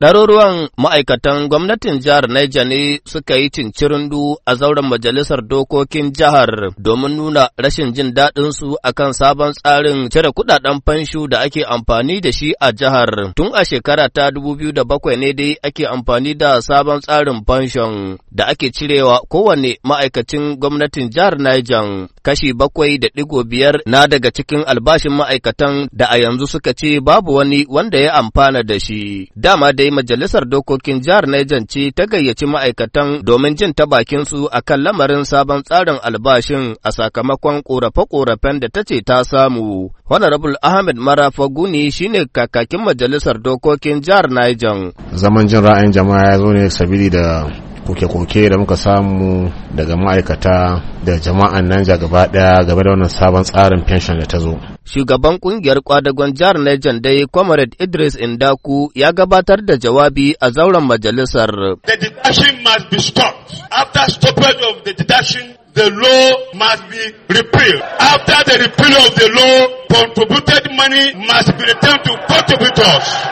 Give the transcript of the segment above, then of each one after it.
Ɗaruruwan ma'aikatan gwamnatin jihar Niger ne suka yi cincirindu a zauren majalisar dokokin jihar domin nuna rashin jin daɗinsu a kan sabon tsarin cire kuɗaɗen fanshu da ake amfani da shi a jihar. Tun a shekara ta 2007 ne dai ake amfani da sabon tsarin fanshon da ake cirewa kowane ma'aikacin gwamnatin jihar Niger kashi bakwai da ɗigo biyar na daga cikin albashin ma'aikatan da a yanzu suka ce babu wani wanda ya amfana da shi. Dama dai dai majalisar dokokin jihar Niger ce ta gayyaci ma'aikatan domin jin ta bakinsu su akan lamarin sabon tsarin albashin a sakamakon korafe-korafen da ta ce ta samu. Honorable Ahmed Marafaguni shine kakakin majalisar dokokin jihar Niger. Zaman jin ra'ayin jama'a ya zo ne sabili da koke-koke da muka samu daga ma'aikata da jama'an nan ja gaba daya game da wannan sabon tsarin pension da ta zo. Shugaban kungiyar kwadagon jihar Niger dai Comrade Idris Indaku ya gabatar da jawabi a zauren majalisar. The deduction must be stopped. After stoppage of the deduction, the law must be repealed. After the repeal of the law, contributed money must be returned to contributors.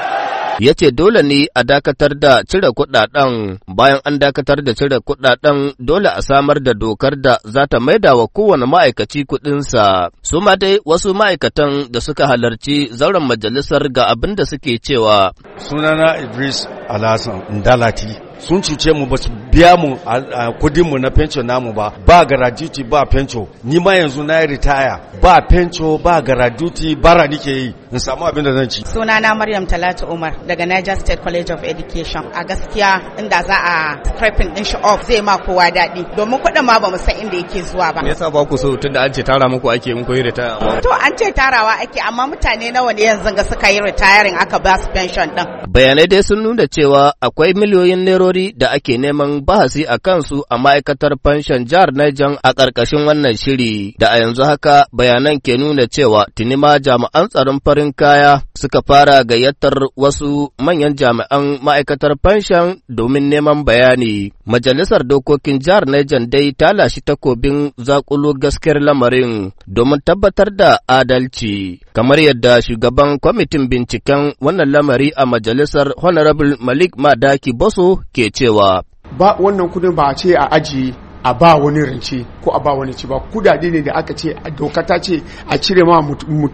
ya ce dole ne a dakatar da cire kuɗaɗen bayan an dakatar da cire kuɗaɗen dole a samar da dokar da za ta maida wa kowane ma'aikaci kuɗinsa. Su ma dai wasu ma'aikatan da suka halarci zauren majalisar ga abin da suke cewa. Sunana Idris Alhassan Dalati. sun cuce mu ba su biya mu kudinmu na fenco namu ba ba garaduti ba fenco ni ma yanzu na ritaya ba fenco ba garaduti bara nike yi in samu abin da zan ci na maryam talatu umar daga niger state college of education a gaskiya inda za a scraping din shi off zai ma kowa daɗi domin kuɗin ma ba mu san inda yake zuwa ba me yasa ba ku so tunda an ce tara muku ake in koyi ritaya to an ce tarawa ake amma mutane nawa ne yanzu ga suka yi retiring aka ba su pension din Bayanai dai sun nuna cewa akwai miliyoyin nerori da ake neman bahasi a kansu a ma'aikatar fanshan jihar Niger a ƙarƙashin wannan shiri, da a yanzu haka bayanan ke nuna cewa tuni ma jami'an tsaron farin kaya suka fara gayyatar wasu manyan jami'an ma'aikatar fanshan domin neman bayani. Majalisar Dokokin Jihar Niger dai ta lashi takobin zakulu gaskiyar lamarin domin tabbatar da adalci, kamar yadda shugaban kwamitin binciken wannan lamari a majalisar majalisar Honorable Malik Madaki Boso ke cewa. Ba wannan kudin ba a ce a ajiye a ba wani rance ko a ba wani ci ba kudade ne da aka ce doka ta ce a cire ma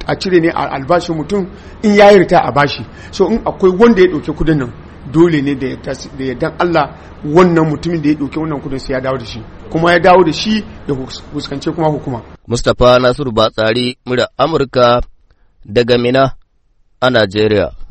a cire ne albashi mutum in ya yi rita a bashi so in akwai wanda ya doke kudin nan dole ne da yardan Allah wannan mutumin da ya doke wannan kudin sai ya dawo da shi kuma ya dawo da shi ya fuskance kuma hukuma. Mustapha Nasiru Batsari, murya Amurka daga Mina a Najeriya.